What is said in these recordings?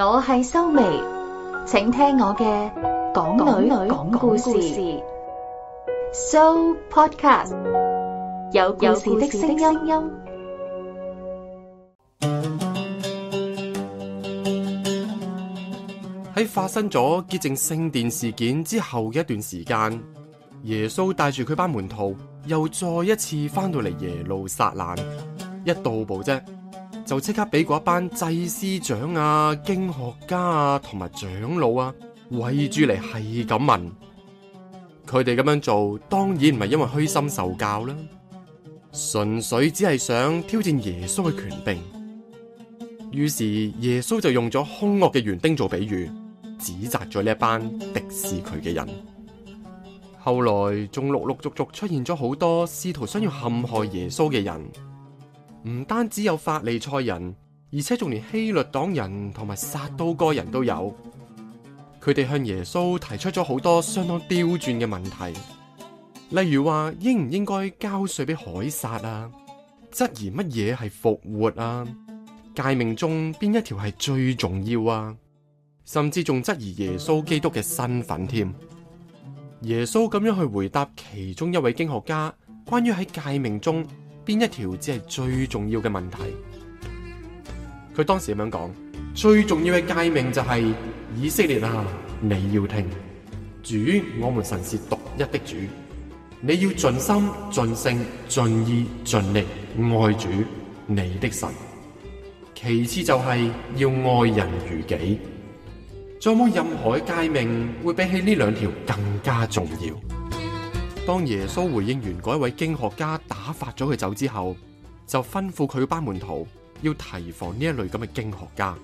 我係修眉，請聽我嘅講女女講故事。So podcast 有故事的聲音。喺發生咗潔淨聖殿事件之後嘅一段時間，耶穌帶住佢班門徒又再一次翻到嚟耶路撒冷，一到步啫。就即刻俾嗰一班祭司長啊、經學家啊同埋長老啊圍住嚟，係咁問。佢哋咁樣做，當然唔係因為虛心受教啦，純粹只係想挑戰耶穌嘅權柄。於是耶穌就用咗兇惡嘅園丁做比喻，指責咗呢一班敵視佢嘅人。後來仲陸陸續續出現咗好多試圖想要陷害耶穌嘅人。唔單止有法利賽人，而且仲連希律黨人同埋撒都該人都有。佢哋向耶穌提出咗好多相當刁鑽嘅問題，例如話應唔應該交稅俾海撒啊？質疑乜嘢係復活啊？誡命中邊一條係最重要啊？甚至仲質疑耶穌基督嘅身份添。耶穌咁樣去回答其中一位經學家關於喺誡命中，邊一條先係最重要嘅問題？佢當時咁樣講，最重要嘅誡命就係、是、以色列啊，你要聽，主，我們神是獨一的主，你要盡心、盡性、盡意、盡力愛主你的神。其次就係、是、要愛人如己。再冇任何嘅誡命會比起呢兩條更加重要。當耶穌回應完嗰一位經學家，打發咗佢走之後，就吩咐佢班門徒要提防呢一類咁嘅經學家。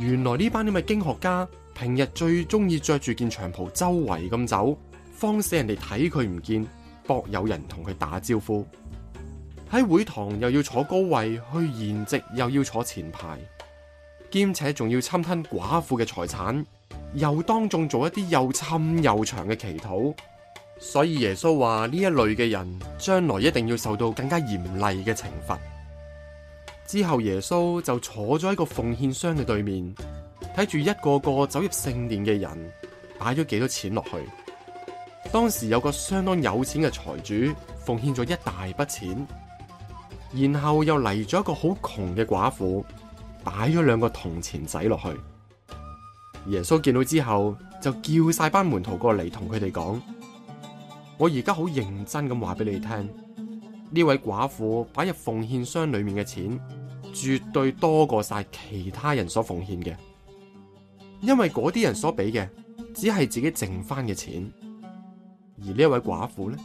原來呢班咁嘅經學家，平日最中意着住件長袍周圍咁走，方使人哋睇佢唔見，博有人同佢打招呼。喺會堂又要坐高位，去筵席又要坐前排，兼且仲要侵吞寡婦嘅財產，又當眾做一啲又侵又長嘅祈禱。所以耶穌話呢一類嘅人將來一定要受到更加嚴厲嘅懲罰。之後耶穌就坐咗喺個奉獻箱嘅對面，睇住一個個走入聖殿嘅人擺咗幾多錢落去。當時有個相當有錢嘅財主奉獻咗一大筆錢，然後又嚟咗一個好窮嘅寡婦擺咗兩個銅錢仔落去。耶穌見到之後就叫晒班門徒過嚟同佢哋講。我而家好認真咁話俾你聽，呢位寡婦擺入奉獻箱裏面嘅錢，絕對多過晒其他人所奉獻嘅，因為嗰啲人所俾嘅，只係自己剩翻嘅錢，而呢位寡婦呢，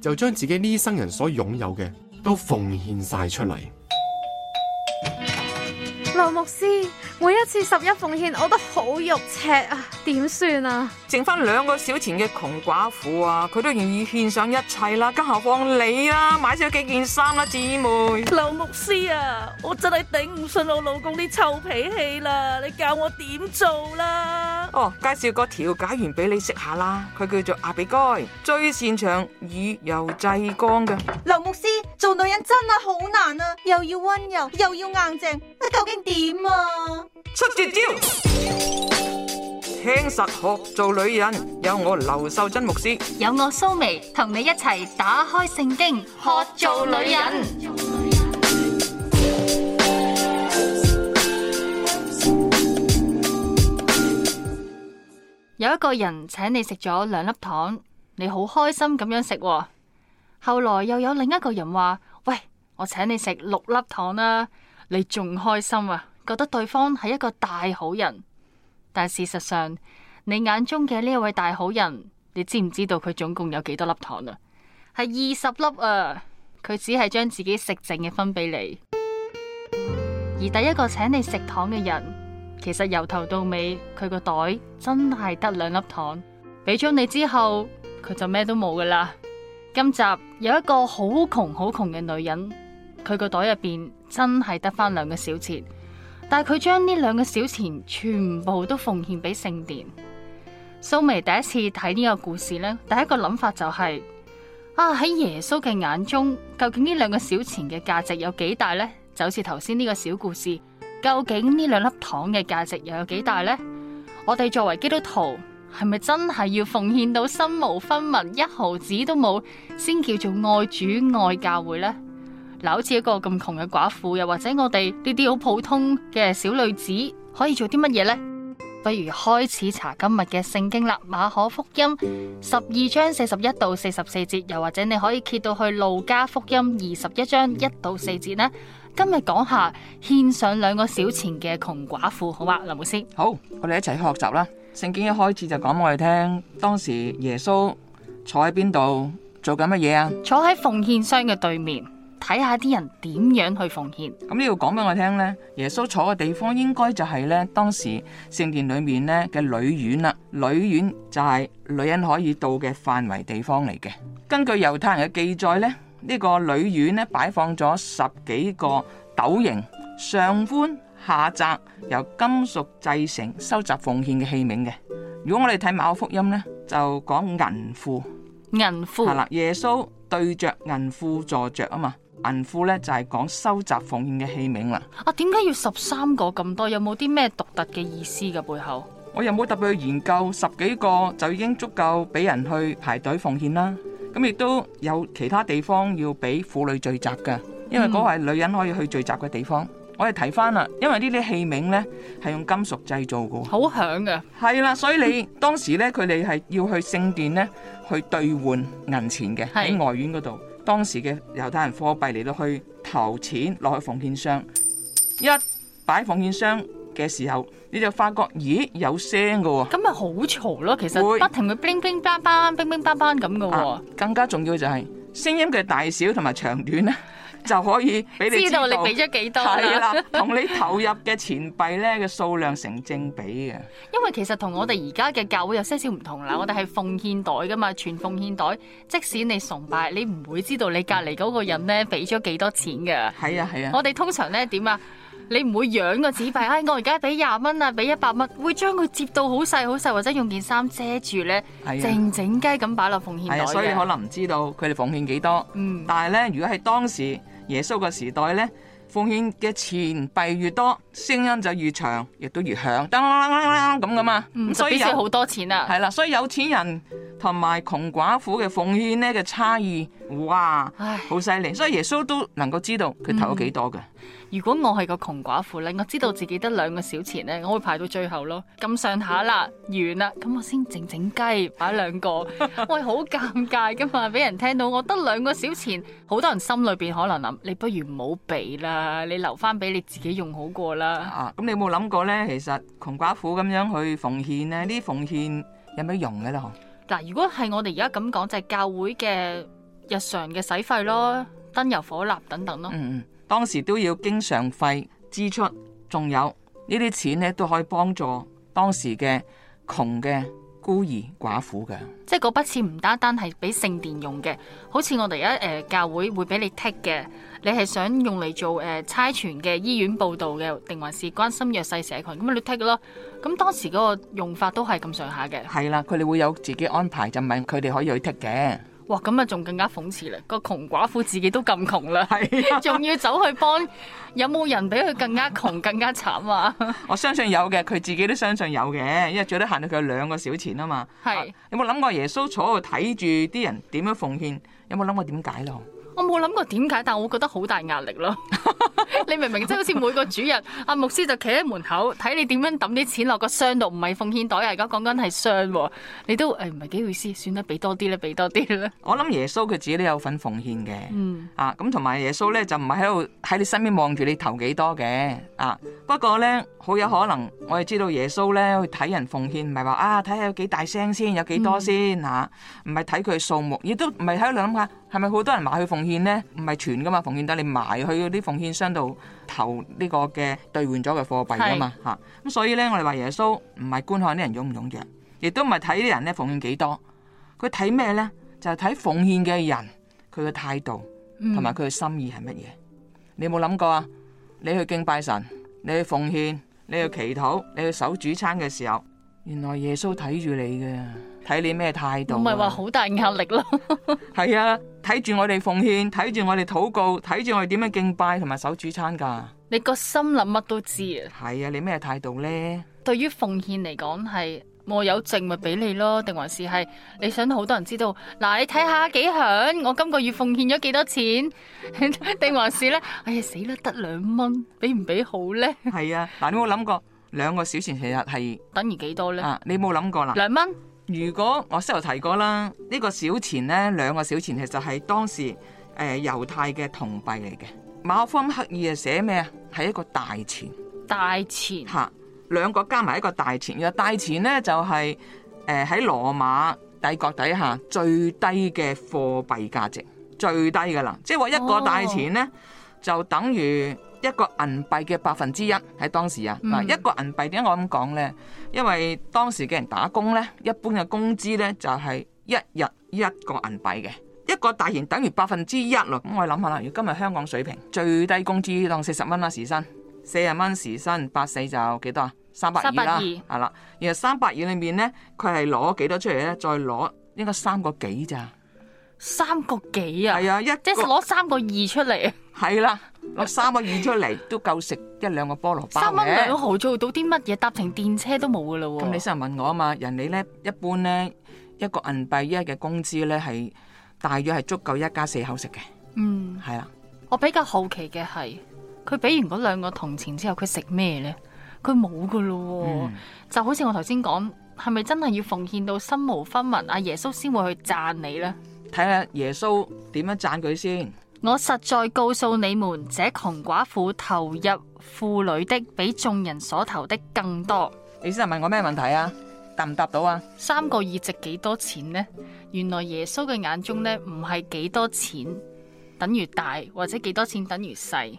就將自己呢生人所擁有嘅，都奉獻晒出嚟。劉牧師，每一次十一奉獻，我都好肉赤啊，點算啊？剩翻兩個小錢嘅窮寡婦啊，佢都願意獻上一切啦，更何況你啊？買咗幾件衫啦，姊妹。劉牧師啊，我真係頂唔順我老公啲臭脾氣啦，你教我點做啦？哦，介紹個調解員俾你識下啦，佢叫做亞比該，最擅長以柔制剛㗎。劉牧師，做女人真係好難啊，又要溫柔又要硬正，究竟點啊！出絕招，聽實學做女人，有我劉秀珍牧師，有我蘇眉，同你一齊打開聖經學做女人。有一個人請你食咗兩粒糖，你好開心咁樣食。後來又有另一個人話：「喂，我請你食六粒糖啊。」你仲開心啊？覺得對方係一個大好人，但事實上，你眼中嘅呢一位大好人，你知唔知道佢總共有幾多粒糖啊？係二十粒啊！佢只係將自己食剩嘅分俾你。而第一個請你食糖嘅人，其實由頭到尾，佢個袋真係得兩粒糖，俾咗你之後，佢就咩都冇㗎喇。今集有一個好窮好窮嘅女人。佢個袋入邊真係得翻兩個小錢，但係佢將呢兩個小錢全部都奉獻俾聖殿。蘇眉第一次睇呢個故事呢，第一個諗法就係：啊，喺耶穌嘅眼中，究竟呢兩個小錢嘅價值有幾大呢？就好似頭先呢個小故事，究竟呢兩粒糖嘅價值又有幾大呢？我哋作為基督徒，係咪真係要奉獻到身無分文，一毫子都冇，先叫做愛主愛教會呢？嗱，好似一個咁窮嘅寡婦，又或者我哋呢啲好普通嘅小女子，可以做啲乜嘢呢？不如開始查今日嘅聖經啦，《馬可福音》十二章四十一到四十四節，又或者你可以揭到去《路加福音》二十一章一到四節呢。今日講下獻上兩個小錢嘅窮寡婦，好嘛？林老師。好，我哋一齊去學習啦。聖經一開始就講我哋聽，當時耶穌坐喺邊度做緊乜嘢啊？坐喺奉獻箱嘅對面。睇下啲人點樣去奉獻。咁呢度講俾我聽呢，耶穌坐嘅地方應該就係呢，當時聖殿裏面咧嘅女院啦。女院就係女人可以到嘅範圍地方嚟嘅。根據猶太人嘅記載咧，呢個女院呢，擺放咗十幾個鬥形、上寬下窄、由金屬製成，收集奉獻嘅器皿嘅。如果我哋睇馬可福音呢，就講銀庫，銀庫係啦，耶穌對着銀庫坐着啊嘛。銀庫咧就係、是，講收集奉獻嘅器皿啦。啊，點解要十三個咁多？有冇啲咩獨特嘅意思嘅背後？我又冇特別去研究。十幾個就已經足夠俾人去排隊奉獻啦。咁亦都有其他地方要俾婦女聚集嘅，因為嗰係女人可以去聚集嘅地方。嗯、我哋睇翻啦，因為呢啲器皿咧係用金屬製造嘅，好響嘅。係啦，所以你 當時咧，佢哋係要去聖殿咧去兌換銀錢嘅，喺外院嗰度。的 當時嘅猶太人貨幣嚟到去投錢落去奉獻箱，一擺奉獻箱嘅時候，你就發覺咦，有聲㗎喎，咁咪好嘈咯，其實不停嘅乒乒乓乓、乒乒乓乓咁㗎喎，更加重要就係聲音嘅大小同埋長短啊。就可以你知，道知道你俾咗幾多啦了，同 你投入嘅錢幣咧嘅數量成正比嘅。因為其實同我哋而家嘅教會有些少唔同啦，嗯、我哋係奉獻袋噶嘛，全奉獻袋。即使你崇拜，你唔會知道你隔籬嗰個人咧俾咗幾多錢噶。係啊係啊，啊我哋通常咧點啊？你唔會養個紙幣， 哎，我而家俾廿蚊啊，俾一百蚊，會將佢摺到好細好細，或者用件衫遮住咧，啊、靜靜雞咁擺落奉獻袋、啊。所以可能唔知道佢哋奉獻幾多。嗯，但係咧，如果係當時耶穌嘅時代咧，奉獻嘅錢幣越多，聲音就越長，亦都越響，噔噔噔咁噶嘛。嗯、所以有好多錢啊。係啦、嗯啊，所以有錢人同埋窮寡婦嘅奉獻呢嘅差異，哇，好犀利。所以耶穌都能夠知道佢投咗幾多嘅、嗯。如果我係個窮寡婦咧，我知道自己得兩個小錢咧，我會排到最後咯。咁上下啦，完啦，咁 我先靜，靜靜雞擺兩個。我，好尷尬噶嘛，俾人聽到我得兩個小錢，好多人心裏邊可能諗：你不如唔好俾啦，你留翻俾你自己用好過啦。啊！咁你有冇諗過呢？其實窮寡婦咁樣去奉獻呢，呢啲奉獻有咩用嘅咧？嗱，如果係我哋而家咁講，就係教會嘅日常嘅使費咯，燈油火蠟等等咯。嗯嗯，當時都要經常費支出，仲有呢啲錢呢，都可以幫助當時嘅窮嘅孤兒寡婦嘅。即係嗰筆錢唔單單係俾聖殿用嘅，好似我哋而家誒教會會俾你剔嘅。你係想用嚟做誒、呃、差傳嘅醫院報道嘅，定還是關心弱勢社群？咁啊，你剔咯。咁當時嗰個用法都係咁上下嘅。係啦，佢哋會有自己安排，就唔係佢哋可以去剔嘅。哇！咁啊，仲更加諷刺啦。個窮寡婦自己都咁窮啦，仲是、啊、要走去幫有冇人比佢更加窮、更加慘啊？ 我相信有嘅，佢自己都相信有嘅，因為最得閒到佢有兩個小錢啊嘛。係是、啊、有冇諗過耶穌坐喺度睇住啲人點樣奉獻？有冇諗過點解咯？我冇諗過點解，但我會覺得好大壓力咯。 你明明即係好似每個主日，阿 牧師就企喺門口睇你點樣抌啲錢落個箱度，唔係奉獻袋啊！而家講緊係箱，你都誒唔係幾好意思，算啦，俾多啲啦，俾多啲啦。我諗耶穌佢自己都有份奉獻嘅、嗯啊，啊咁同埋耶穌咧就唔係喺度喺你身邊望住你投幾多嘅，啊不過咧好有可能、嗯、我哋知道耶穌咧會睇人奉獻，唔係話啊睇下有幾大聲先，有幾多先吓，唔係睇佢數目，亦都唔係喺度諗下。係咪好多人買去奉獻呢？唔係存噶嘛，奉獻得你埋去嗰啲奉獻箱度投呢個嘅兌換咗嘅貨幣噶嘛嚇。咁是所以呢，我哋話耶穌唔係觀看啲人踴唔踴躍，亦都唔係睇啲人呢奉獻幾多，佢睇咩呢？就係、是、睇奉獻嘅人佢嘅態度同埋佢嘅心意係乜嘢？嗯、你有冇諗過啊？你去敬拜神，你去奉獻，你去祈禱，你去守主餐嘅時候，原來耶穌睇住你嘅。睇你咩態度，唔係話好大壓力咯。係啊，睇住我哋奉獻，睇住我哋禱告，睇住我哋點樣敬拜同埋守主餐噶。你個心諗乜都知啊。係啊，你咩態度咧？對於奉獻嚟講，係我有剩咪俾你咯？定還是係你想好多人知道嗱？你睇下幾響？我今個月奉獻咗幾多錢？定還是咧？哎呀死啦，得兩蚊，俾唔俾好咧？係啊，嗱，你有冇諗過兩個小錢其實係等於幾多咧？啊，你冇諗過啦，兩蚊。如果我先頭提過啦，呢、這個小錢咧，兩個小錢其實係當時誒猶、呃、太嘅銅幣嚟嘅。馬可福音刻意寫咩啊？係一個大錢，大錢吓，兩個加埋一個大錢。又大錢咧就係誒喺羅馬帝國底下最低嘅貨幣價值，最低噶啦，即係話一個大錢咧、哦、就等於。一個銀幣嘅百分之一喺當時啊，嗱、嗯、一個銀幣點解我咁講咧？因為當時嘅人打工咧，一般嘅工資咧就係一日一個銀幣嘅，一個大型等於百分之一咯。咁我諗下啦，如果今日香港水平最低工資當四十蚊啦時薪，四十蚊時薪，八四就幾多啊？三百二啦，係啦。然後三百二裏面咧，佢係攞幾多出嚟咧？再攞應該三個幾咋？三個幾啊？係啊個，一即係攞三個二出嚟。係啦，落 三個二出嚟都夠食一兩個菠蘿包 三蚊兩毫做到啲乜嘢？搭乘電車都冇噶啦喎。咁你先係問我啊嘛，人哋咧一般咧一個銀幣一日嘅工資咧係大約係足夠一家四口食嘅。嗯，係啦。我比較好奇嘅係，佢俾完嗰兩個銅錢之後，佢食咩咧？佢冇噶啦，嗯、就好似我頭先講，係咪真係要奉獻到身無分文，阿耶穌先會去讚你咧？睇下耶穌點樣讚佢先。我實在告訴你們，這窮寡婦投入庫裏的比眾人所投的更多。你先問我咩問題啊？答唔答到啊？三個二值幾多錢呢？原來耶穌嘅眼中咧，唔係幾多錢等於大或者幾多錢等於細。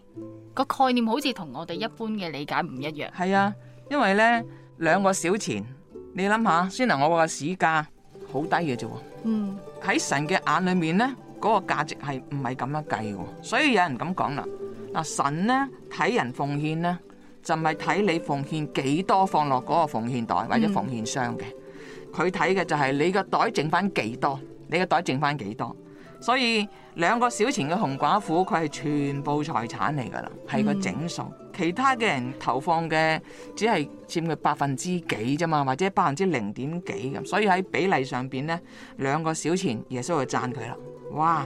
個概念好似同我哋一般嘅理解唔一樣。係啊，因為咧兩個小錢，你諗下先，能我話個市價好低嘅啫。嗯，喺神嘅眼裏面咧，嗰個價值係唔係咁樣計嘅，所以有人咁講啦。嗱，神呢，睇人奉獻咧，就唔係睇你奉獻幾多放落嗰個奉獻袋或者奉獻箱嘅，佢睇嘅就係你個袋剩翻幾多，你個袋剩翻幾多。所以兩個小錢嘅紅寡婦，佢係全部財產嚟噶啦，係個整數。嗯、其他嘅人投放嘅只係佔佢百分之幾咋嘛，或者百分之零點幾咁。所以喺比例上邊呢，兩個小錢，耶穌就讚佢啦。哇！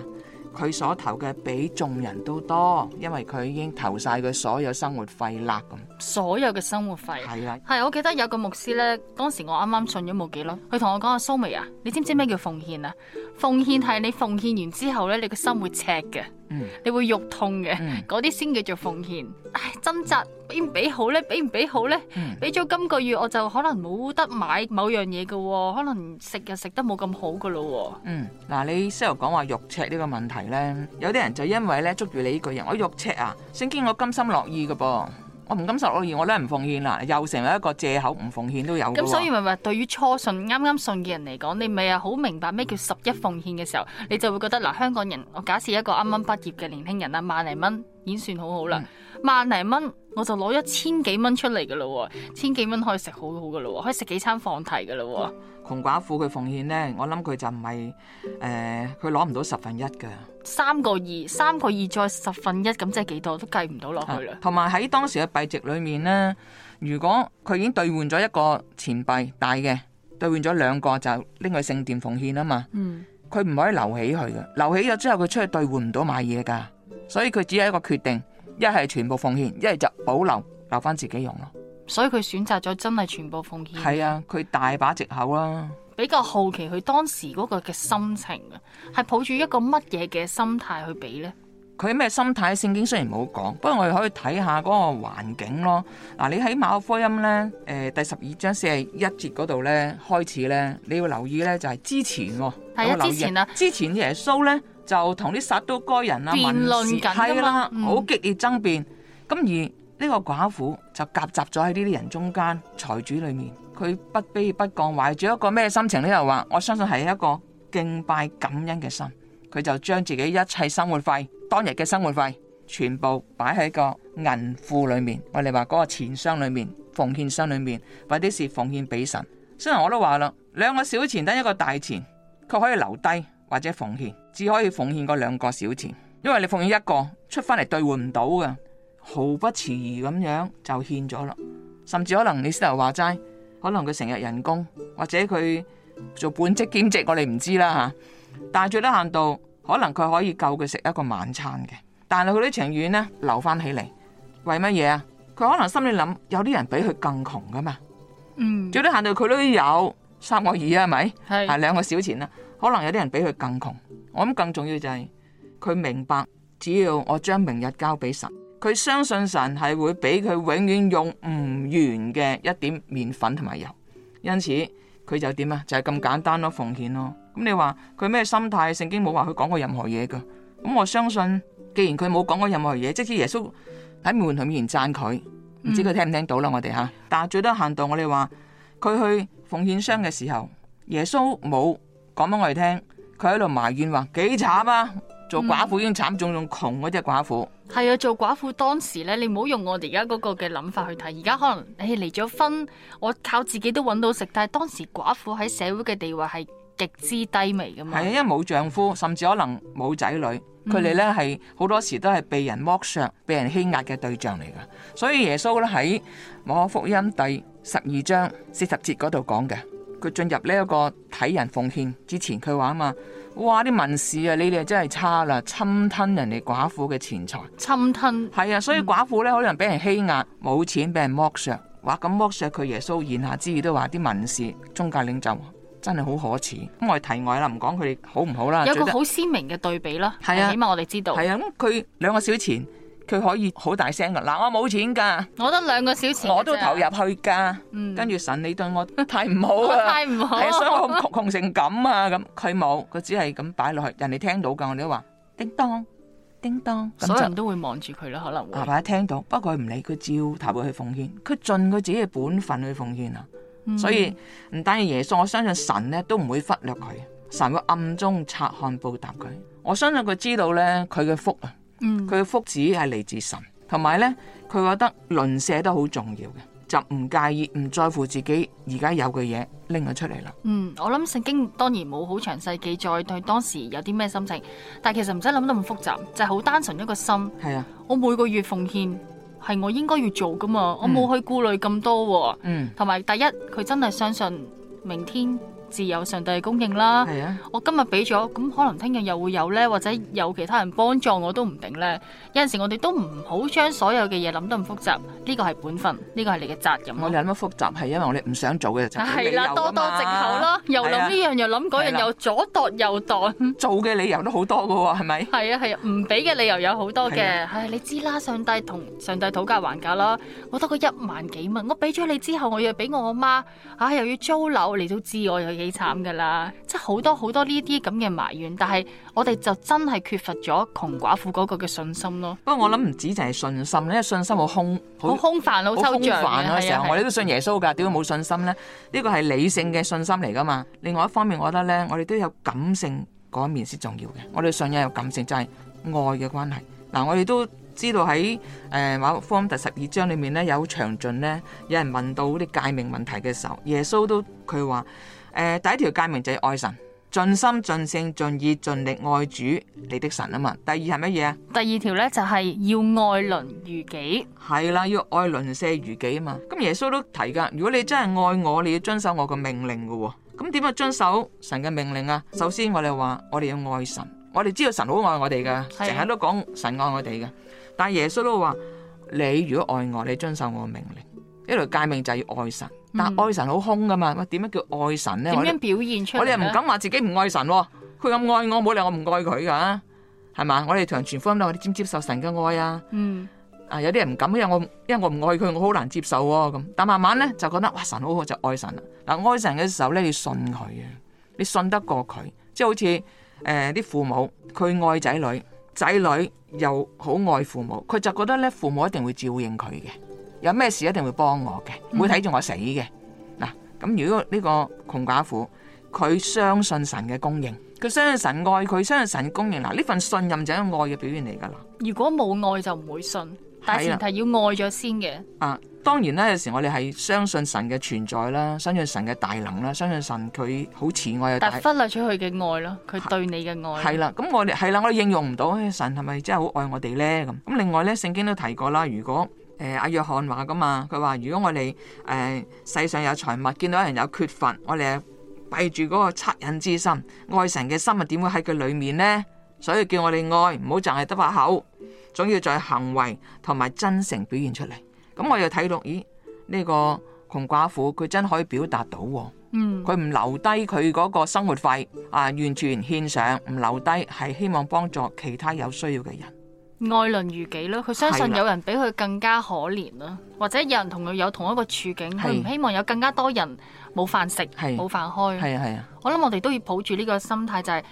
佢所投嘅比眾人都多，因為佢已經投晒佢所有生活費啦咁。所有嘅生活費係啊，係的我記得有個牧師咧，當時我啱啱信咗冇幾耐，佢同我講，阿蘇眉啊，me, 你知唔知咩叫奉獻啊？奉獻係你奉獻完之後咧，你個心會赤嘅。嗯、你會肉痛嘅，嗰啲先叫做奉獻。唉，掙扎，俾唔俾好咧？俾唔俾好咧？俾咗今個月我就可能冇得買某樣嘢噶、哦，可能食又食得冇咁好噶咯、哦。嗯，嗱、啊，你先頭講話肉赤呢個問題咧，有啲人就因為咧捉住你呢句嘢，我肉赤啊，聖經我甘心樂意噶噃。我唔敢受億而我都唔奉獻啦，又成為一個借口唔奉獻都有。咁所以咪咪，對於初信啱啱信嘅人嚟講，你咪啊好明白咩叫十一奉獻嘅時候，你就會覺得嗱，香港人，我假設一個啱啱畢業嘅年輕人啦，萬零蚊已經算好好啦，萬零蚊我就攞一千幾蚊出嚟嘅咯，千幾蚊可以食好好嘅咯，可以食幾餐放題嘅咯。嗯、窮寡婦佢奉獻呢，我諗佢就唔係誒，佢攞唔到十分一嘅。三個二，三個二再十分一，咁即係幾多都計唔到落去啦。同埋喺當時嘅幣值裏面呢，如果佢已經兌換咗一個錢幣大嘅，兌換咗兩個就拎去聖殿奉獻啊嘛。嗯，佢唔可以留起佢嘅，留起咗之後佢出去兌換唔到買嘢㗎，所以佢只係一個決定，一係全部奉獻，一係就保留留翻自己用咯。所以佢選擇咗真係全部奉獻。係啊，佢大把藉口啦。比較好奇佢當時嗰個嘅心情啊，係抱住一個乜嘢嘅心態去畀咧？佢咩心態？聖經雖然冇講，不過我哋可以睇下嗰個環境咯。嗱、啊，你喺馬可福音咧，誒第十二章四十一節嗰度咧開始咧，你要留意咧就係之前喎，有留意嘅。之前、啊、之前耶穌咧就同啲撒都該人啊辯論緊啦，好、嗯、激烈爭辯。咁、嗯、而呢個寡婦就夾雜咗喺呢啲人中間，財主裏面。佢不卑不降，懷住一個咩心情呢？又話我相信係一個敬拜感恩嘅心。佢就將自己一切生活費當日嘅生活費全部擺喺個銀庫裏面，我哋話嗰個錢箱裏面，奉獻箱裏面，把啲事奉獻俾神。雖然我都話啦，兩個小錢等一個大錢，佢可以留低或者奉獻，只可以奉獻嗰兩個小錢，因為你奉獻一個出翻嚟兌換唔到嘅，毫不遲疑咁樣就獻咗啦。甚至可能你先頭話齋。可能佢成日人工，或者佢做半職兼職，我哋唔知啦吓。但係最低限度，可能佢可以夠佢食一個晚餐嘅。但係佢都情願呢，留翻起嚟，為乜嘢啊？佢可能心裏諗，有啲人比佢更窮噶嘛。嗯，最低限度佢都有三個二啊，係咪？係是，係兩個小錢啦。可能有啲人比佢更窮。我諗更重要就係佢明白，只要我將明日交俾神。佢相信神係會俾佢永遠用唔完嘅一點麵粉同埋油，因此佢就點啊？就係咁簡單咯，奉獻咯。咁你話佢咩心態？聖經冇話佢講過任何嘢噶。咁我相信，既然佢冇講過任何嘢，即使耶穌喺門徒面前讚佢，唔知佢聽唔聽到啦。我哋吓，但係最多限度，我哋話佢去奉獻箱嘅時候，耶穌冇講俾我哋聽，佢喺度埋怨話幾慘啊！做寡婦已經慘重，仲用窮嗰隻寡婦。係啊，做寡婦當時咧，你唔好用我哋而家嗰個嘅諗法去睇。而家可能，誒你離咗婚，我靠自己都搵到食。但係當時寡婦喺社會嘅地位係極之低微噶嘛。係啊，因為冇丈夫，甚至可能冇仔女，佢哋咧係好多時都係被人剝削、被人欺壓嘅對象嚟噶。所以耶穌咧喺馬可福音第十二章四十節嗰度講嘅，佢進入呢一個睇人奉獻之前，佢話啊嘛。哇！啲文士啊，你哋真係差啦，侵吞人哋寡婦嘅錢財。侵吞。係啊，所以寡婦呢可能俾人欺壓，冇錢俾人剝削，哇！咁剝削佢，耶穌言下之意都話啲文士，宗教領袖真係好可恥。咁我哋題外啦，唔講佢哋好唔好啦。有個好鮮明嘅對比啦，係啊，起碼我哋知道係啊。咁佢兩個小錢。佢可以好大聲噶，嗱，我冇錢噶，我得兩個小錢，我都投入去噶，嗯、跟住神你對我太唔好啊， 太唔好，所以我窮成咁啊，咁佢冇，佢只係咁擺落去，人哋聽到噶，我哋都話叮噹叮噹，所有人都會望住佢咯，可能會，爸爸聽到，不過佢唔理，佢照投入去奉獻，佢盡佢自己嘅本分去奉獻啊，嗯、所以唔單係耶穌，我相信神咧都唔會忽略佢，神會暗中察看報答佢，我相信佢知道咧佢嘅福啊。佢嘅、嗯、福祉係嚟自神，同埋呢，佢覺得鄰舍都好重要嘅，就唔介意唔在乎自己而家有嘅嘢拎咗出嚟啦。嗯，我諗聖經當然冇好詳細記載對當時有啲咩心情，但係其實唔使諗得咁複雜，就係、是、好單純一個心。係啊，我每個月奉獻係我應該要做㗎嘛，我冇去顧慮咁多、哦嗯。嗯，同埋第一佢真係相信明天。自有上帝嘅供應啦，係啊，我今日俾咗，咁可能聽日又會有咧，或者有其他人幫助我都唔定咧。有陣時我哋都唔好將所有嘅嘢諗得咁複雜，呢個係本分，呢個係你嘅責任。我諗咁複雜係因為我哋唔想做嘅啫。係啦，多多借口啦，又諗呢樣又諗嗰樣，又左度右度，做嘅理由都好多噶，係咪？係啊係啊，唔俾嘅理由有好多嘅。唉，你知啦，上帝同上帝討價還價啦。我得個一萬幾蚊，我俾咗你之後，我要俾我阿媽。唉，又要租樓，你都知我有嘢。幾慘噶啦，即係好多好多呢啲咁嘅埋怨，但係我哋就真係缺乏咗窮寡婦嗰個嘅信心咯。嗯、不過我諗唔止就係信心因為信心好空好空泛，好抽象嘅時候，是是是我哋都信耶穌噶，點解冇信心呢？呢個係理性嘅信心嚟噶嘛。另外一方面，我覺得呢，我哋都有感性嗰一面先重要嘅。我哋信仰有感性，就係、是、愛嘅關係嗱、啊。我哋都知道喺誒馬可福音第十二章裏面呢，有詳盡呢，有人問到啲誡命問題嘅時候，耶穌都佢話。誒，第一條誡命就係愛神，盡心盡性盡意盡力愛主你的神啊嘛。第二係乜嘢啊？第二條咧就係、是、要愛鄰如己，係啦，要愛鄰舍如己啊嘛。咁耶穌都提噶，如果你真係愛我，你要遵守我嘅命令噶、哦。咁點樣遵守神嘅命令啊？首先我哋話，我哋要愛神，我哋知道神好愛我哋噶，成日都講神愛我哋噶。的但係耶穌都話，你如果愛我，你遵守我嘅命令。一路誡命，就要愛神，但愛神好空噶嘛？點樣叫愛神咧？點樣表現出？我哋唔敢話自己唔愛神，啊，佢咁愛我，冇理由我唔愛佢噶，啊，係嘛？我哋同人傳福音啦，我哋接唔接受神嘅愛啊？嗯、啊，有啲人唔敢，因為我因為我唔愛佢，我好難接受咁，啊。但慢慢咧就覺得哇，神好好就愛神。嗱、呃、愛神嘅時候咧，你信佢啊，你信得過佢，即係好似誒啲父母，佢愛仔女，仔女又好愛父母，佢就覺得咧父母一定會照應佢嘅。有咩事一定會幫我嘅，唔、嗯、會睇住我死嘅嗱。咁、啊、如果呢個窮寡婦佢相信神嘅供應，佢相信神愛佢，相信神供應嗱呢、啊、份信任就係一個愛嘅表現嚟噶啦。如果冇愛就唔會信，但係前提要愛咗先嘅、啊。啊，當然啦，有時我哋係相信神嘅存在啦，相信神嘅大能啦，相信神佢好慈愛，但係忽略咗佢嘅愛咯，佢對你嘅愛係啦。咁、啊啊、我哋係啦，我哋應用唔到、哎，神係咪真係好愛我哋咧？咁咁另外咧，聖經都提過啦，如果。誒，阿、呃、約翰話噶嘛？佢話如果我哋誒、呃、世上有財物，見到有人有缺乏，我哋就閉住嗰個惻隱之心、愛神嘅心，咪點會喺佢裏面呢？所以叫我哋愛，唔好淨係得把口，總要在行為同埋真誠表現出嚟。咁我又睇到，咦呢、這個窮寡婦佢真可以表達到、哦，嗯，佢唔留低佢嗰個生活費啊，完全獻上，唔留低係希望幫助其他有需要嘅人。愛鄰如己咯，佢相信有人比佢更加可憐啦，的或者有人同佢有同一個處境，佢唔的希望有更加多人冇飯食、冇飯的開。係啊，係啊。我諗我哋都要抱住呢個心態，就係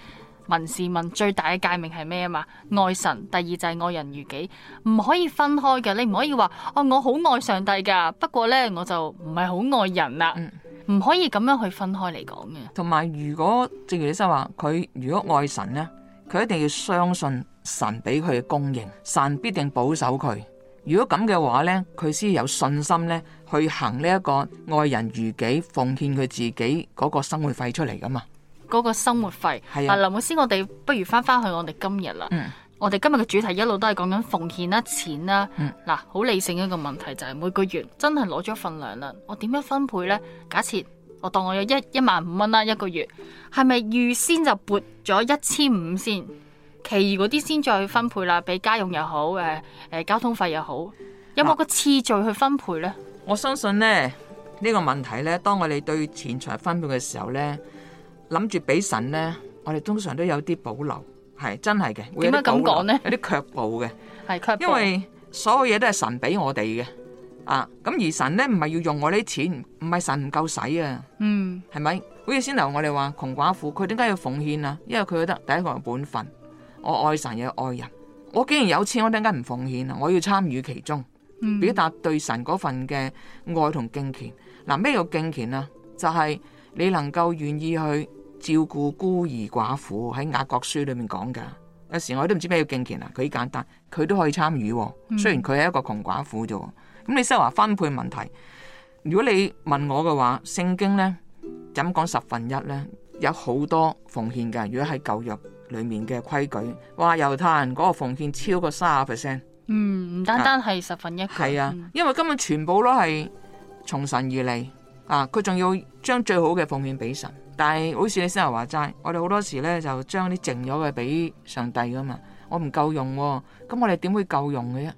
民視民最大嘅誡命係咩啊嘛？愛神，第二就係愛人如己，唔可以分開嘅。你唔可以話哦，我好愛上帝噶，不過呢，我就唔係好愛人啦。唔、嗯、唔可以咁樣去分開嚟講嘅。同埋，如果正如你所話，佢如果愛神呢，佢一定要相信。神俾佢嘅供應，神必定保守佢。如果咁嘅話呢，佢先有信心咧去行呢一個愛人如己，奉獻佢自己嗰個生活費出嚟噶嘛？嗰個生活費係啊。嗱，林老師，我哋不如翻翻去我哋今日啦。嗯，我哋今日嘅主題一路都係講緊奉獻啦、錢啦。嗱，嗯，好理性一個問題就係每個月真係攞咗份糧啦，我點樣分配呢？假設我當我有一一萬五蚊啦，一個月係咪預先就撥咗一千五先？其餘嗰啲先再去分配啦，俾家用又好，誒、呃、誒，交通費又好，有冇個次序去分配呢？啊、我相信呢，呢、這個問題呢，當我哋對錢財分配嘅時候呢，諗住俾神呢，我哋通常都有啲保留，係真係嘅。點解咁講呢？有啲卻步嘅，係 卻步，因為所有嘢都係神俾我哋嘅啊。咁而神呢，唔係要用我啲錢，唔係神唔夠使啊。嗯，係咪？好似先頭我哋話窮寡婦，佢點解要奉獻啊？因為佢覺得第一個係本分，分。我愛神也愛人，我既然有錢，我點解唔奉獻啊？我要參與其中，表達、嗯、對神嗰份嘅愛同敬虔。嗱、啊，咩叫敬虔啊？就係、是、你能夠願意去照顧孤兒寡婦。喺雅各書裏面講嘅，有時我都唔知咩叫敬虔啊，佢簡單，佢都可以參與。啊嗯、雖然佢係一個窮寡婦啫。咁你先話分配問題，如果你問我嘅話，聖經呢，噉講十分一呢，有好多奉獻嘅。如果喺舊約，裏面嘅規矩，話猶太人嗰個奉獻超過三十 percent，嗯，唔單單係十分一嘅，係啊，啊，因為根本全部都係從神而嚟啊，佢仲要將最好嘅奉獻俾神，但係好似你先頭話齋，我哋好多時咧就將啲剩咗嘅俾上帝噶嘛，我唔夠用喎，咁我哋點會夠用嘅啫？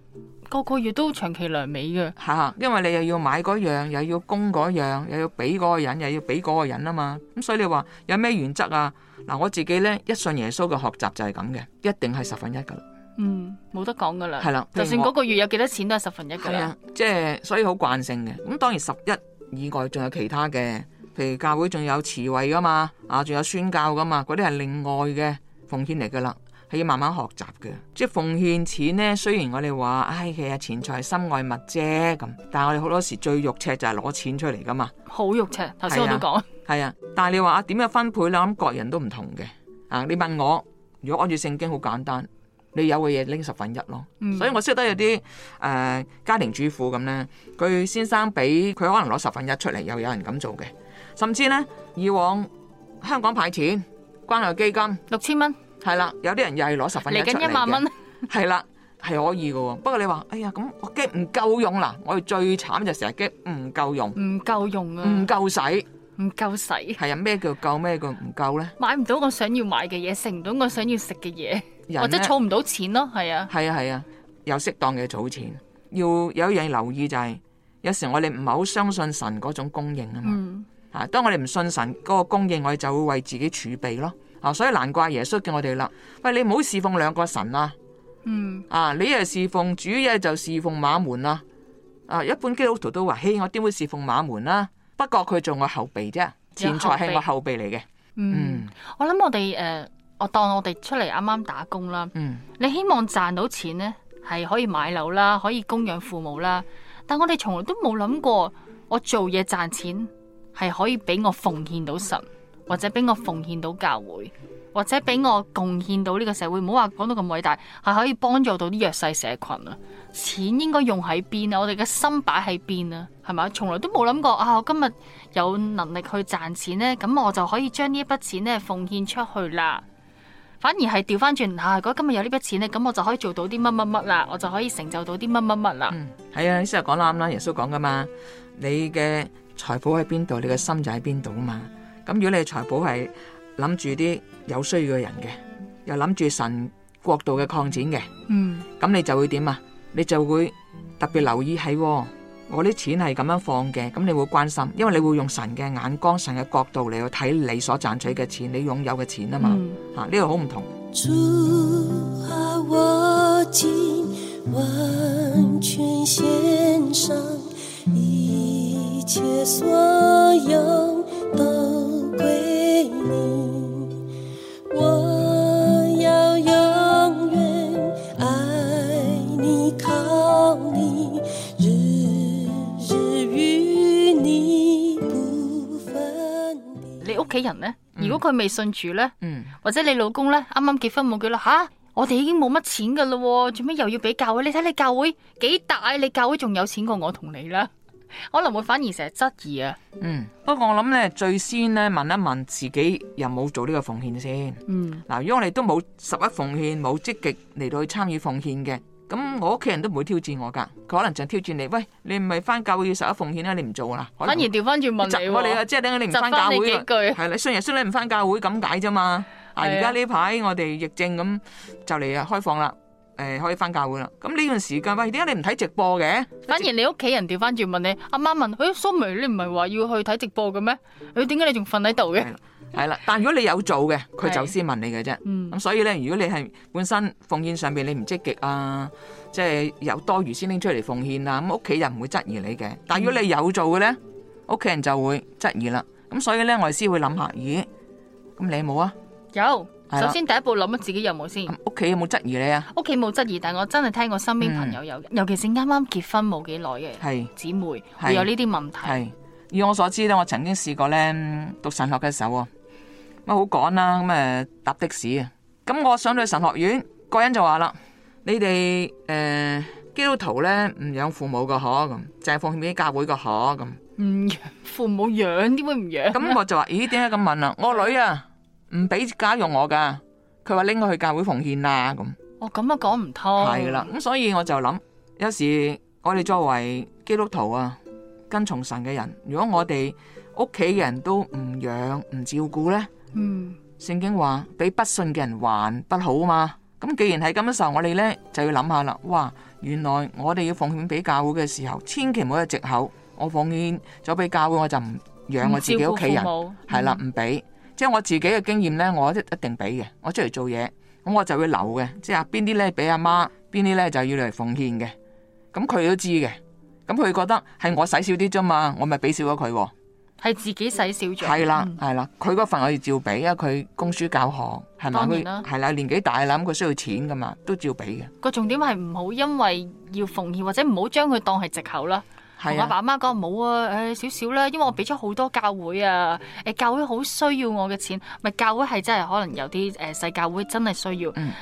個個月都長期來尾嘅，吓，因為你又要買嗰樣，又要供嗰樣，又要俾嗰個人，又要俾嗰個人啊嘛，咁所以你話有咩原則啊？嗱，我自己咧一信耶穌嘅學習就係咁嘅，一定係十分一噶啦。嗯，冇得講噶啦，係啦，就算嗰個月有幾多錢都係十分一嘅，即係、就係、所以好慣性嘅。咁當然十一以外仲有其他嘅，譬如教會仲有慈惠噶嘛，啊，仲有宣教噶嘛，嗰啲係另外嘅奉獻嚟噶啦。要慢慢學習嘅，即係奉獻錢咧。雖然我哋話，唉、哎，其實錢財係心外物啫咁。但係我哋好多時最肉赤就係攞錢出嚟噶嘛，好肉赤。頭先我都講，係啊，啊。但係你話啊，點樣分配咧？咁各人都唔同嘅啊。你問我，如果按照聖經，好簡單，你有嘅嘢拎十分一咯。嗯、所以我識得有啲誒、呃、家庭主婦咁咧，佢先生俾佢可能攞十分一出嚟，又有，有人咁做嘅。甚至咧，以往香港派錢，關愛基金六千蚊。係啦，有啲人又係攞十分一嚟嘅。嚟緊一萬蚊，係 啦，係可以嘅喎。不過你話，哎呀，咁我驚唔夠用啦！我哋最慘就成日驚唔夠用，唔夠用啊，唔夠使，唔夠使。係啊，咩叫夠？咩叫唔夠咧？買唔到我想要買嘅嘢，食唔到我想要食嘅嘢，呢或者儲唔到錢咯，係啊，係啊，係啊，有適當嘅儲錢。要有一樣留意就係、是，有時我哋唔係好相信神嗰種供應啊嘛。嚇、嗯，當我哋唔信神嗰、那個供應，我哋就會為自己儲備咯。啊，所以難怪耶穌叫我哋啦。喂，你唔好侍奉兩個神啦、啊。嗯，啊，你又侍奉主，嘢就侍奉馬門啦、啊。啊，一般基督徒都話，嘿，我點會侍奉馬門啦、啊？不過佢做我後備啫、啊，錢財係我後備嚟嘅。嗯，嗯我諗我哋誒、呃，我當我哋出嚟啱啱打工啦。嗯，你希望賺到錢咧，係可以買樓啦，可以供養父母啦。但我哋從來都冇諗過，我做嘢賺錢係可以俾我奉獻到神。或者俾我奉獻到教會，或者俾我貢獻到呢個社會，唔好話講到咁偉大，係可以幫助到啲弱勢社群啊。錢應該用喺邊啊？我哋嘅心擺喺邊啊？係咪，從來都冇諗過啊。我今日有能力去賺錢呢，咁我就可以將呢一筆錢呢奉獻出去啦。反而係調翻轉啊，如果今日有呢筆錢呢，咁我就可以做到啲乜乜乜啦，我就可以成就到啲乜乜乜啦。嗯，係啊，呢先係講啦，咁啦，耶穌講噶嘛，你嘅財富喺邊度，你嘅心就喺邊度啊嘛。咁如果你嘅財寶係諗住啲有需要嘅人嘅，又諗住神國度嘅擴展嘅，咁、嗯、你就會點啊？你就會特別留意喺、哦、我啲錢係咁樣放嘅，咁你會關心，因為你會用神嘅眼光、神嘅角度嚟去睇你所賺取嘅錢、你擁有嘅錢啊嘛，吓，呢個好唔同。人咧，如果佢未信住咧，嗯、或者你老公咧，啱啱結婚冇幾耐，吓、啊、我哋已經冇乜錢噶啦，做咩又要俾教會？你睇你教會幾大，你教會仲有錢過我同你啦，可能會反而成日質疑啊。嗯，不過我諗咧，最先咧，問一問自己有冇做呢個奉獻先。嗯，嗱，如果我哋都冇十一奉獻，冇積極嚟到去參與奉獻嘅。咁、嗯、我屋企人都唔會挑戰我噶，佢可能就挑戰你。喂，你唔係翻教會要十一奉獻啊？哎嗯、你唔做啦，反而調翻轉問你，我哋啊，即係點解你唔翻教會？係你雖然你唔翻教會咁解啫嘛。啊，而家呢排我哋疫症咁就嚟啊開放啦，誒可以翻教會啦。咁呢段時間喂，點解你唔睇直播嘅？反、欸、而你屋企人調翻轉問你，阿媽問，誒蘇眉你唔係話要去睇直播嘅咩？誒點解你仲瞓喺度嘅？係啦，但如果你有做嘅，佢就先問你嘅啫。咁所以咧，如果你係本身奉獻上邊你唔積極啊，即係有多餘先拎出嚟奉獻啊，咁屋企人唔會質疑你嘅。但如果你有做嘅咧，屋企人就會質疑啦。咁所以咧，我哋先會諗下，咦？咁你冇啊？有。首先第一步諗咗自己有冇先。屋企有冇質疑你啊？屋企冇質疑，但係我真係聽過身邊朋友有嘅，尤其是啱啱結婚冇幾耐嘅姊妹會有呢啲問題。係以我所知咧，我曾經試過咧讀神學嘅時候乜好趕啦咁誒，搭的士啊。咁我上到神學院，個人就話啦：，你哋誒基督徒咧唔養父母噶，嗬咁，淨係奉獻俾教會噶，嗬咁。唔養父母養，點會唔養？咁我就話：，咦，點解咁問啊？我女啊唔俾家用我噶，佢話拎我去教會奉獻啦。咁我咁啊講唔通係啦。咁所以我就諗，有時我哋作為基督徒啊，跟從神嘅人，如果我哋屋企人都唔養唔照顧咧。嗯，聖經話俾不信嘅人還不好啊嘛，咁既然係咁嘅時候，我哋咧就要諗下啦。哇，原來我哋要奉獻俾教會嘅時候，千祈唔好有借口。我奉獻咗俾教會，我就唔養我自己屋企人，係啦，唔、嗯、俾。即係我自己嘅經驗咧，我一,一定俾嘅。我出嚟做嘢，咁我就會留嘅。即係邊啲咧俾阿媽，邊啲咧就要嚟奉獻嘅。咁佢都知嘅，咁佢覺得係我使少啲咋嘛，我咪俾少咗佢啊。係自己使少咗。嗯，係啦，係啦，佢嗰份我要照俾啊！佢供書教學，係嘛，佢係啦，年紀大啦，咁佢需要錢噶嘛，都照俾嘅。個重點係唔好因為要奉獻，或者唔好將佢當係藉口啦。同阿爸阿媽講冇啊，誒少少啦，因為我俾咗好多教會啊，誒教會好需要我嘅錢，咪教會係真係可能有啲誒細教會真係需要。嗯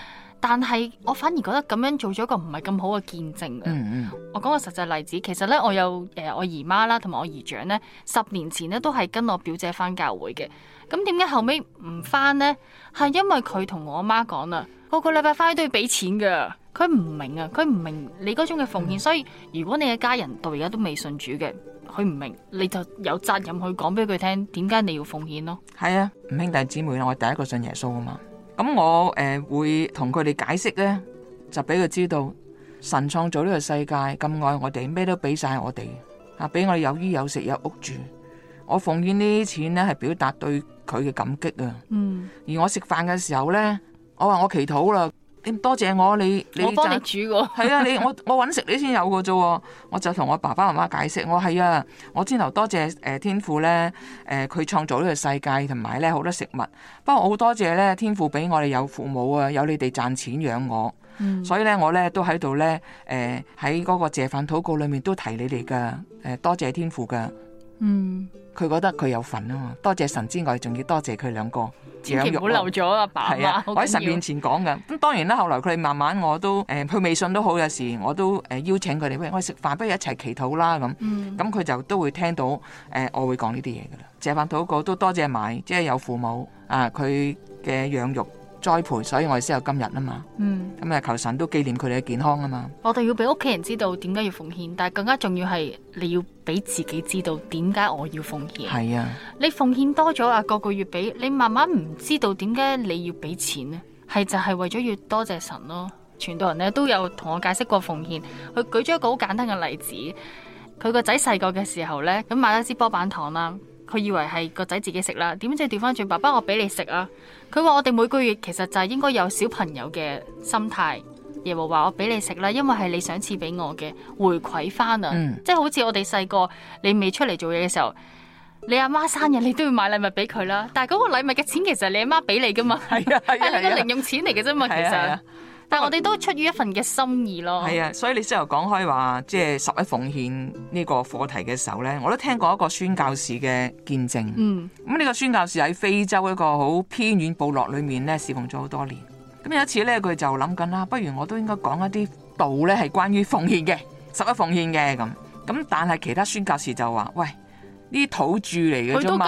但係我反而覺得咁樣做咗一個唔係咁好嘅見證。嗯嗯。我講個實際例子，其實呢，我有誒、呃、我姨媽啦，同埋我姨丈呢，十年前呢都係跟我表姐翻教會嘅。咁點解後尾唔翻呢？係因為佢同我媽講啦，個個禮拜翻去都要俾錢噶。佢唔明啊，佢唔明你嗰種嘅奉獻。嗯、所以如果你嘅家人到而家都未信主嘅，佢唔明，你就有責任去講俾佢聽，點解你要奉獻咯？係啊，唔兄弟姊妹，我第一個信耶穌啊嘛。咁我誒、呃、會同佢哋解釋咧，就俾佢知道神創造呢個世界咁愛我哋，咩都俾晒我哋，吓、啊、俾我哋有衣有食有屋住。我奉獻呢啲錢咧，係表達對佢嘅感激啊。嗯，而我食飯嘅時候咧，我話我祈禱啦。你多謝我你你就係 啊你我我揾食你先有噶咋。 我就同我爸爸媽媽解釋我係啊，我先頭多謝誒天父咧，誒佢創造呢個世界，同埋咧好多食物。不過我好多謝咧天父俾我哋有父母啊，有你哋賺錢養我，嗯、所以咧我咧都喺度咧誒喺個謝飯禱告裏面都提你哋噶，誒多謝天父噶。嗯，佢覺得佢有份啊嘛，多謝神之外，仲要多謝佢兩個養育。冇留咗阿爸，爸、啊、我喺神面前講噶咁當然啦，後來佢哋慢慢我都誒，佢、呃、未信都好，有時我都誒邀請佢哋喂，我食飯不如一齊祈禱啦咁。咁佢、嗯、就都會聽到誒、呃，我會講呢啲嘢噶啦。謝飯禱告都多謝埋，即係有父母啊，佢嘅養育栽培，所以我哋先有今日啊嘛。嗯，咁啊，求神都紀念佢哋嘅健康啊嘛。我哋要俾屋企人知道點解要奉獻，但係更加重要係你要俾自己知道點解我要奉獻。係啊，你奉獻多咗啊，個個月俾，你慢慢唔知道點解你要俾錢咧，係就係為咗要多謝神咯。傳道人咧都有同我解釋過奉獻，佢舉咗一個好簡單嘅例子，佢個仔細個嘅時候呢，咁買一支波板糖啦。佢以為係個仔自己食啦，點知調翻轉，爸爸我俾你食啊！佢話我哋每個月其實就係應該有小朋友嘅心態，爺爺話我俾你食啦，因為係你上次俾我嘅回饋翻啊，嗯、即係好似我哋細個，你未出嚟做嘢嘅時候，你阿媽生日你都要買禮物俾佢啦，但係嗰個禮物嘅錢其實你阿媽俾你噶嘛，係啊係你嘅零用錢嚟嘅啫嘛，其實、啊。但我哋都出於一份嘅心意咯。係 啊，所以你先頭講開話，即係十一奉獻呢個課題嘅時候呢，我都聽過一個宣教士嘅見證。嗯，咁呢、嗯呢個宣教士喺非洲一個好偏遠部落裏面呢，侍奉咗好多年。咁有一次呢，佢就諗緊啦，不如我都應該講一啲道呢，係關於奉獻嘅，十一奉獻嘅咁。咁但係其他宣教士就話：喂。啲土著嚟嘅啫嘛，佢都咁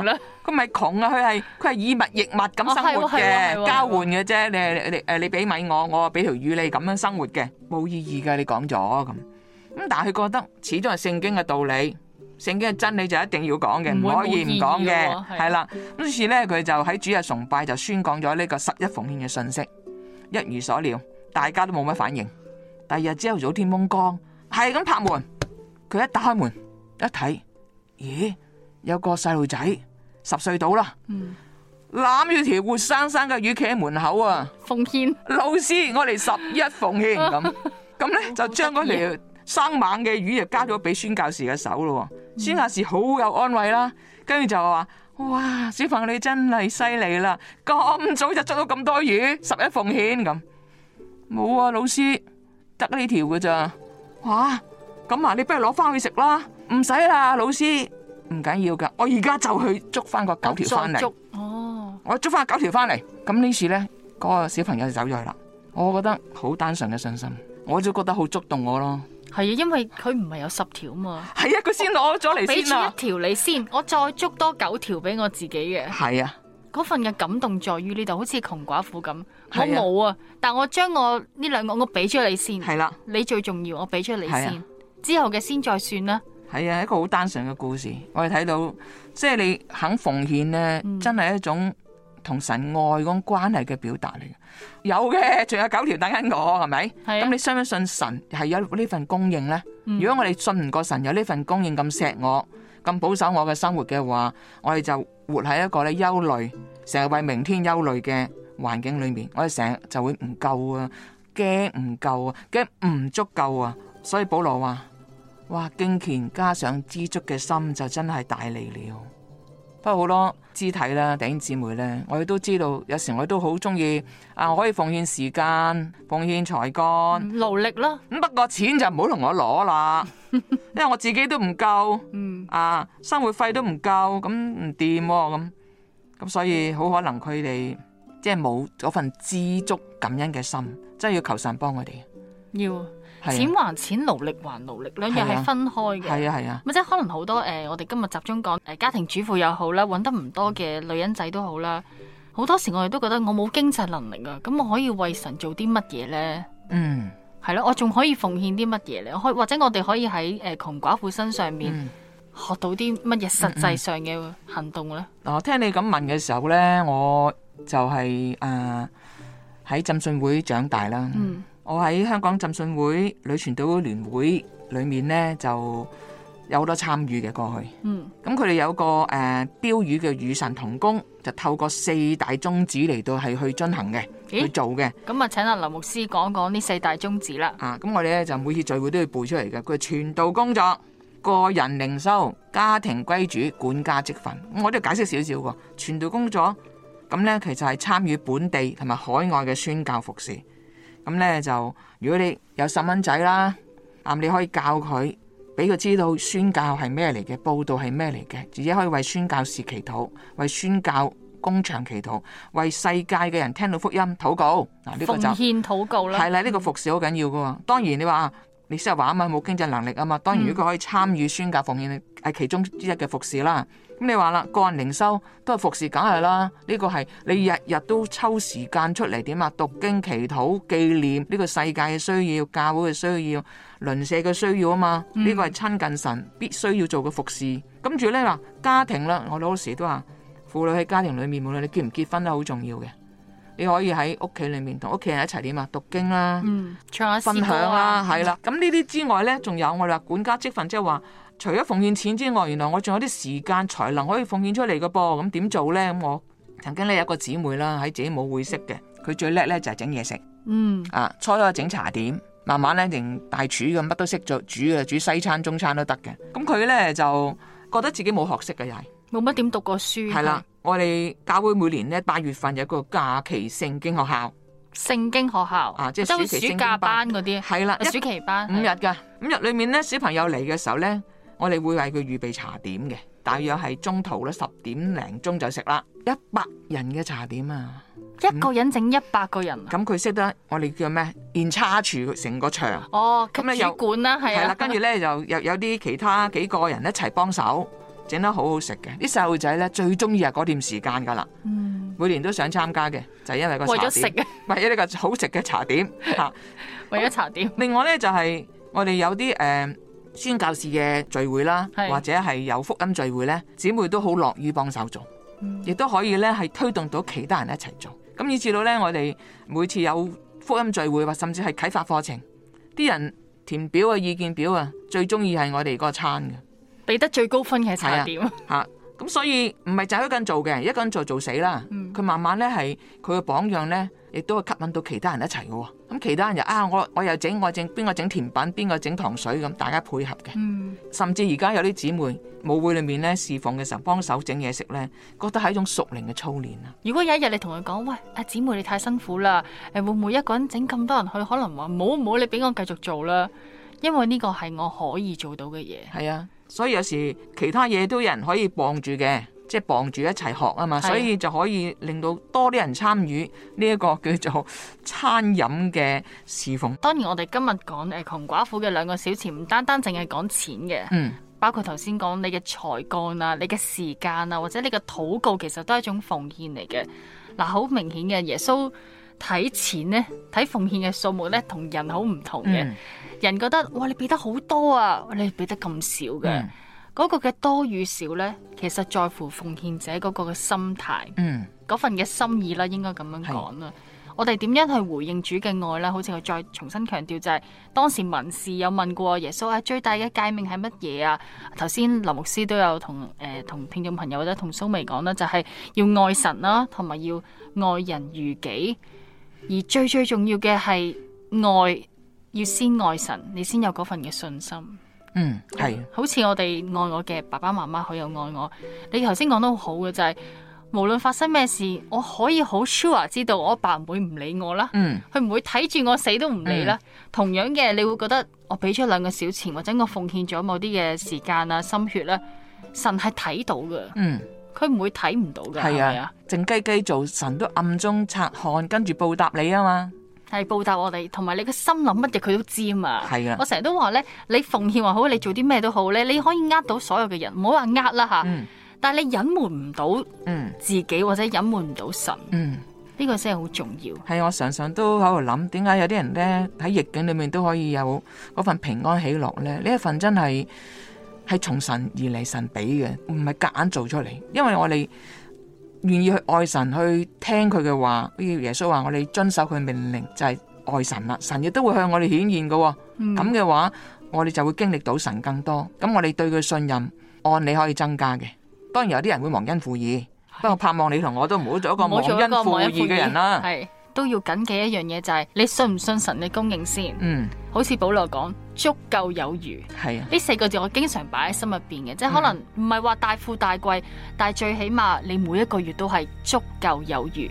窮咧，佢咪窮啊！佢係佢係以物易物咁生活嘅，交換嘅啫。你係你誒，你俾米我，我俾條魚你，咁樣生活嘅，冇意義噶。你講咗咁，咁但係佢覺得始終係聖經嘅道理，聖經嘅真理就一定要講嘅，唔可以唔講嘅，係啦。於是咧，佢就喺主日崇拜就宣講咗呢個十一奉獻嘅信息，一如所料，大家都冇乜反應。第二日朝頭早天蒙光，係咁拍門，佢一打開門一睇。咦，有個細路仔十歲到啦，攬住條活生生嘅魚企喺門口啊！奉獻老師，我哋十一奉獻咁，咁咧就將嗰條生猛嘅魚又交咗俾孫教士嘅手咯。嗯、孫教士好有安慰啦，跟住就話：哇，小朋友你真係犀利啦！咁早就捉到咁多魚，十一奉獻咁。冇啊，老師得呢條㗎咋？哇！咁啊，你不如攞翻去食啦。唔使啦，老師，唔緊要噶。我而家就去捉翻個九條翻嚟。捉哦，我捉翻九條翻嚟。咁呢次咧，嗰個小朋友就走咗去啦。我覺得好單純嘅信心，我就覺得好觸動我咯。係啊，因為佢唔係有十條啊嘛。係啊，佢先攞咗嚟先啦。俾一條你先，我再捉多九條俾我自己嘅。係啊，嗰份嘅感動在於呢度，好似窮寡婦咁，我冇啊。但係我將我呢兩個，我俾咗你先。係啦，你最重要，我俾咗你先。之後嘅先再算啦。係啊，一個好單純嘅故事，我哋睇到，即係你肯奉獻咧，真係一種同神愛嗰種關係嘅表達嚟嘅。有嘅，仲有九條等緊我，係咪？咁你信唔信神係有呢份供應咧？如果我哋信唔過神有呢份供應咁錫我，咁保守我嘅生活嘅話，我哋就活喺一個咧憂慮，成日為明天憂慮嘅環境裏面，我哋成日就會唔夠啊，驚唔夠啊，驚唔足夠啊，所以保羅話。哇！敬虔加上知足嘅心就真係大利了。不過好多肢體啦，弟兄姊妹咧，我哋都知道，有時我都好中意啊，我可以奉獻時間、奉獻才幹、勞力啦。咁不過錢就唔好同我攞啦，因為我自己都唔夠，嗯啊，生活費都唔夠，咁唔掂咁咁，所以好可能佢哋即係冇嗰份知足感恩嘅心，真係要求神幫佢哋。要。啊、錢還錢，勞力還勞力，兩樣係分開嘅。係啊係啊，咁、啊啊、即可能好多誒、呃，我哋今日集中講誒、呃，家庭主婦又好啦，搵得唔多嘅女人仔都好啦。好多時我哋都覺得我冇經濟能力啊，咁我可以為神做啲乜嘢咧？嗯，係、嗯、咯，我仲可以奉獻啲乜嘢咧？可或者我哋可以喺誒窮寡婦身上面學到啲乜嘢？實際上嘅行動咧？嗱，我聽你咁問嘅時候咧，我就係誒喺浸信會長大啦。嗯。嗯我喺香港浸信會女傳道會聯會裏面呢，就有好多參與嘅過去。嗯，咁佢哋有個誒、呃、標語嘅與神同工，就透過四大宗旨嚟到係去進行嘅咦去做嘅。咁啊，請阿林牧師講講呢四大宗旨啦。啊，咁我哋咧就每次聚會都要背出嚟嘅。佢傳道工作、個人靈修、家庭歸主、管家職分，我都要解釋少少喎。傳道工作咁呢其實係參與本地同埋海外嘅宣教服侍。咁咧、嗯、就，如果你有細蚊仔啦，咁你可以教佢，俾佢知道宣教係咩嚟嘅，佈道係咩嚟嘅，自己可以為宣教士祈禱，為宣教工場祈禱，為世界嘅人聽到福音禱告。嗱、啊、呢、這個就奉獻禱告啦，係啦，呢、這個服侍好緊要噶。嗯、當然你話你收入寡啊嘛，冇經濟能力啊嘛。當然如果佢可以參與宣教奉獻。嗯嗯係其中之一嘅服侍啦。咁你話啦，個人靈修都係服侍，梗係啦。呢、這個係你日日都抽時間出嚟點啊？讀經祈禱、紀念呢、這個世界嘅需要、教會嘅需要、鄰舍嘅需要啊嘛。呢、這個係親近神必須要做嘅服侍。跟住咧嗱，家庭咧，我老師都話婦女喺家庭裏面，無論你結唔結婚都好重要嘅。你可以喺屋企裏面同屋企人一齊點啊？讀經啦，嗯、分享啦，係啦。咁呢啲之外咧，仲有我哋話管家職份，即係話。除咗奉獻錢之外，原來我仲有啲時間才能可以奉獻出嚟嘅噃。咁點做咧？咁我曾經咧有一個姊妹啦，喺自己冇會識嘅，佢最叻咧就係整嘢食。嗯，啊初初整茶點，慢慢咧成大廚咁，乜都識做煮呀，煮西餐、中餐都得嘅。咁佢咧就覺得自己冇學識嘅，又係冇乜點讀過書。係啦的，嗯、我哋教會每年咧八月份有個假期聖經學校。聖經學校啊，即係暑期班嗰啲。係啦，暑期班五日㗎，五日裏面咧，小朋友嚟嘅時候咧。我哋會為佢預備茶點嘅，大約係中途咧十點零鐘就食啦。一百人嘅茶點啊，一個人整一百個人。咁佢、嗯、識得我哋叫咩？in charge 成個場哦，oh, 主管啦係啊。係啦，跟住咧又又有啲其他幾個人一齊幫手，整得好好食嘅。啲細路仔咧最中意係嗰段時間噶啦，嗯、每年都想參加嘅，就係、是、因為個為咗食嘅，為咗個好食嘅茶點吓，為咗茶點。另外咧就係我哋有啲誒。呃嗯宣教士嘅聚會啦，是或者係有福音聚會咧，姊妹都好樂於幫手做，亦都、嗯、可以咧係推動到其他人一齊做。咁以至到咧，我哋每次有福音聚會或甚至係啟發課程，啲人填表嘅意見表啊，最中意係我哋個餐嘅，俾得最高分嘅一齊啊。咁、 啊、所以唔係就一個人做嘅，一個人做就做死啦。佢、嗯、慢慢咧係佢嘅榜樣咧，亦都會吸引到其他人一齊嘅。咁其他人又啊，我我又整，我整邊個整甜品，邊個整糖水咁，大家配合嘅。嗯、甚至而家有啲姊妹舞會裏面咧，侍奉嘅時候幫手整嘢食咧，覺得係一種屬靈嘅操練啦。如果有一日你同佢講，喂，阿姊妹，你太辛苦啦，誒會唔會一個人整咁多人去？可能話冇，唔好，你俾我繼續做啦，因為呢個係我可以做到嘅嘢。係啊，所以有時其他嘢都有人可以傍住嘅。即係傍住一齊學啊嘛，所以就可以令到多啲人參與呢一個叫做餐飲嘅侍奉。當然我，我哋今日講誒窮寡婦嘅兩個小錢，唔單單淨係講錢嘅，嗯，包括頭先講你嘅才幹啊、你嘅時間啊，或者你嘅禱告，其實都係一種奉獻嚟嘅。嗱、啊，好明顯嘅，耶穌睇錢呢，睇奉獻嘅數目呢，人同人好唔同嘅。嗯、人覺得哇，你俾得好多啊，你俾得咁少嘅。嗯嗰個嘅多與少呢，其實在乎奉獻者嗰個嘅心態，嗯，嗰份嘅心意啦，應該咁樣講啦。是我哋點樣去回應主嘅愛呢？好似佢再重新強調就係、是，當時文士有問過耶穌啊，最大嘅誡命係乜嘢啊？頭先林牧師都有同誒、呃、同聽眾朋友或者同蘇眉講啦，就係、是、要愛神啦、啊，同埋要愛人如己，而最最重要嘅係愛要先愛神，你先有嗰份嘅信心。嗯，係，好似我哋愛我嘅爸爸媽媽，佢又愛我。你頭先講得好好嘅就係、是，無論發生咩事，我可以好 sure 知道我阿爸唔會唔理我啦，嗯，佢唔會睇住我死都唔理啦。嗯、同樣嘅，你會覺得我俾咗兩個小錢或者我奉獻咗某啲嘅時間啊心血咧、啊，神係睇到嘅，嗯，佢唔會睇唔到噶，係啊，靜雞雞做神都暗中察看，跟住報答你啊嘛。係報答我哋，同埋你嘅心諗乜嘢，佢都知啊！係啊的，我成日都話咧，你奉獻話好，你做啲咩都好咧，你可以呃到所有嘅人，唔好話呃啦吓。嗯、但係你隱瞞唔到，嗯，自己或者隱瞞唔到神，嗯，呢個真係好重要。係我常常都喺度諗，點解有啲人咧喺逆境裏面都可以有嗰份平安喜樂咧？呢一份真係係從神而嚟，神俾嘅，唔係夾硬做出嚟，因為我哋。願意去愛神，去聽佢嘅話，比如耶穌話：我哋遵守佢命令就係、是、愛神啦。神亦都會向我哋顯現嘅、哦，咁嘅、嗯、話我哋就會經歷到神更多。咁我哋對佢信任，按理可以增加嘅。當然有啲人會忘恩負義，不過的盼望你同我都唔好做一個忘恩負義嘅人啦。係，都要謹記一樣嘢就係、是、你信唔信神嘅供應先。嗯，好似保羅講。足夠有餘，係啊！呢四個字我經常擺喺心入邊嘅，即係可能唔係話大富大貴，但係最起碼你每一個月都係足夠有餘。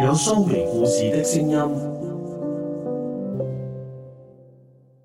有蘇眉故事的聲音。